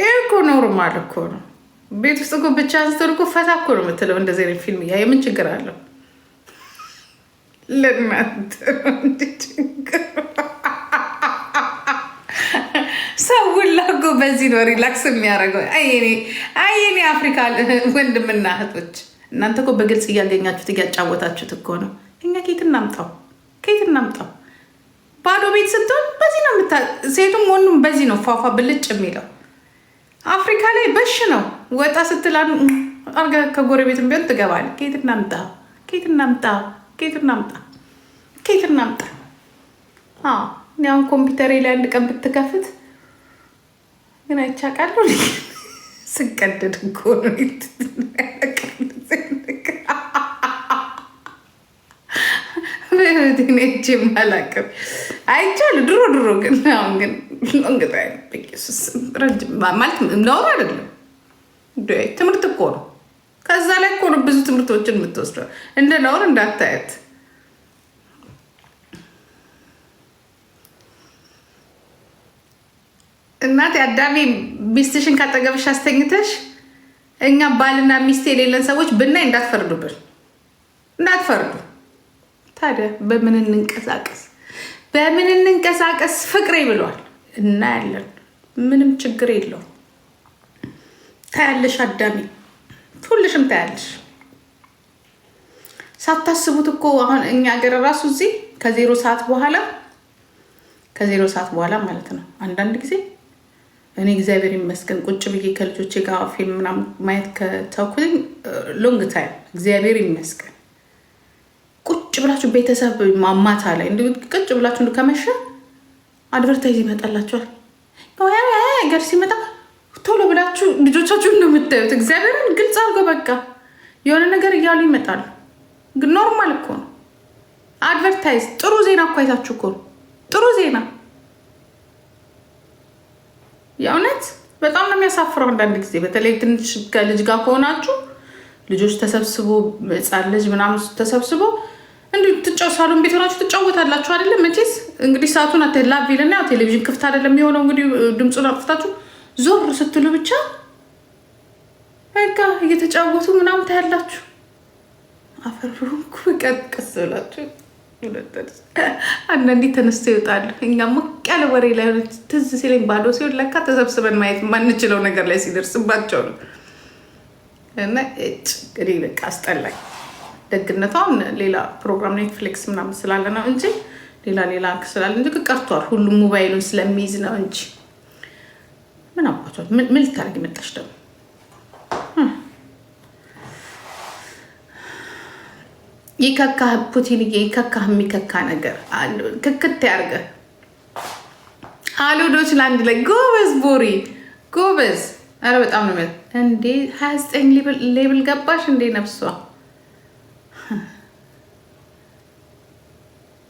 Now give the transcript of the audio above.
ይህ እኮ ኖርማል እኮ ነው። ቤት ውስጥ እኮ ብቻ አንስተን እኮ ፈታ እኮ ነው የምትለው። እንደዚህ አይነት ፊልም እያ የምን ችግር አለው? ለእናንተ ሰውን ላጎ በዚህ ነው ሪላክስ የሚያደርገው። አይኔ አፍሪካ ወንድምና እህቶች እናንተ እኮ በግልጽ እያገኛችሁት እያጫወታችሁት እኮ ነው። እኛ ከየት እናምጣው? ከየት እናምጣው? ባዶ ቤት ስትሆን በዚህ ነው ሴቱም ወንዱም በዚህ ነው ፏፏ ብልጭ የሚለው አፍሪካ ላይ በሽ ነው። ወጣ ስትላን ስትል ከጎረቤትም ቢሆን ትገባል። ኬት እናምጣ፣ ኬት እናምጣ፣ ኬት እናምጣ፣ ኬት እናምጣ። እኔ አሁን ኮምፒውተሬ ላይ አንድ ቀን ብትከፍት ግን አይቻቃሉ ስቀደድ ጎረቤት እኔ እጄ አላቅም አይቻል ድሮ ድሮ ግን አሁን ግን እንግጣ ማለት አይደለም ትምህርት እኮ ነው። ከዛ ላይ እኮ ነው ብዙ ትምህርቶችን የምትወስደው። እንደ ነውር እንዳታየት። እናቴ። አዳሚ ሚስትሽን ካጠገብሽ አስተኝተሽ እኛ ባልና ሚስት የሌለን ሰዎች ብናይ እንዳትፈርዱብን፣ እንዳትፈርዱ። ታዲያ በምን እንንቀሳቀስ? በምን እንንቀሳቀስ ፍቅሬ ብሏል። እናያለን። ምንም ችግር የለውም። ታያለሽ አዳሚ፣ ሁልሽም ታያለሽ። ሳታስቡት እኮ አሁን እኛ ሀገር ራሱ እዚህ ከዜሮ ሰዓት በኋላ ከዜሮ ሰዓት በኋላ ማለት ነው። አንዳንድ ጊዜ እኔ እግዚአብሔር ይመስገን ቁጭ ብዬ ከልጆቼ ጋር ፊልም ምናምን ማየት ከተውኩኝ ሎንግ ታይም እግዚአብሔር ይመስገን ቁጭ ብላችሁ ቤተሰብ ማማታ ላይ ቁጭ ብላችሁ ከመሸ አድቨርታይዝ ይመጣላችኋል። ገር ሲመጣ ቶሎ ብላችሁ ልጆቻችሁ ነው የምታዩት። እግዚአብሔርን ግልጽ አርገ በቃ የሆነ ነገር እያሉ ይመጣሉ። ኖርማል እኮ ነው አድቨርታይዝ። ጥሩ ዜና እኮ አይታችሁ እኮ ነው ጥሩ ዜና። የእውነት በጣም ነው የሚያሳፍረው አንዳንድ ጊዜ በተለይ ትንሽ ከልጅ ጋር ከሆናችሁ ልጆች ተሰብስቦ ሕፃን ልጅ ምናምን ተሰብስቦ እንዲሁ ትጫው ሳሎን ቤት ሆናችሁ ትጫወታላችሁ አይደለም። መቼስ እንግዲህ ሰዓቱን ላቪልና ቴሌቪዥን ክፍት አይደለም የሆነው እንግዲህ ድምፁን አጥፍታችሁ ዞር ስትሉ ብቻ በቃ እየተጫወቱ ምናምን ታያላችሁ። አፈርኩ ቀጥቀስ ብላችሁ አንዳንዴ ተነስተው ይወጣሉ። እኛ ሞቅ ያለ ወሬ ላይ ትዝ ሲለኝ ባዶ ሲሆን ለካ ተሰብስበን ማየት ማንችለው ነገር ላይ ሲደርስባቸው ነው እና እጭ እንግዲህ በቃ አስጠላኝ። ደግነቷን ሌላ ፕሮግራም ኔትፍሊክስ ምናምን ስላለ ነው እንጂ ሌላ ሌላ ስላለ እንጂ ቀርቷል። ሁሉም ሞባይሉን ስለሚይዝ ነው እንጂ ምን አባቷል? ምን ልታደርግ መጣች ደግሞ ይከካ ፑቲን ይከካህ የሚከካ ነገር ክክት ያርገ አሉዶች ለአንድ ላይ ጎበዝ፣ ቦሪ ጎበዝ። አረ በጣም ነው እንዴ! ሀያ ዘጠኝ ሌብል ገባሽ እንዴ ነፍሷ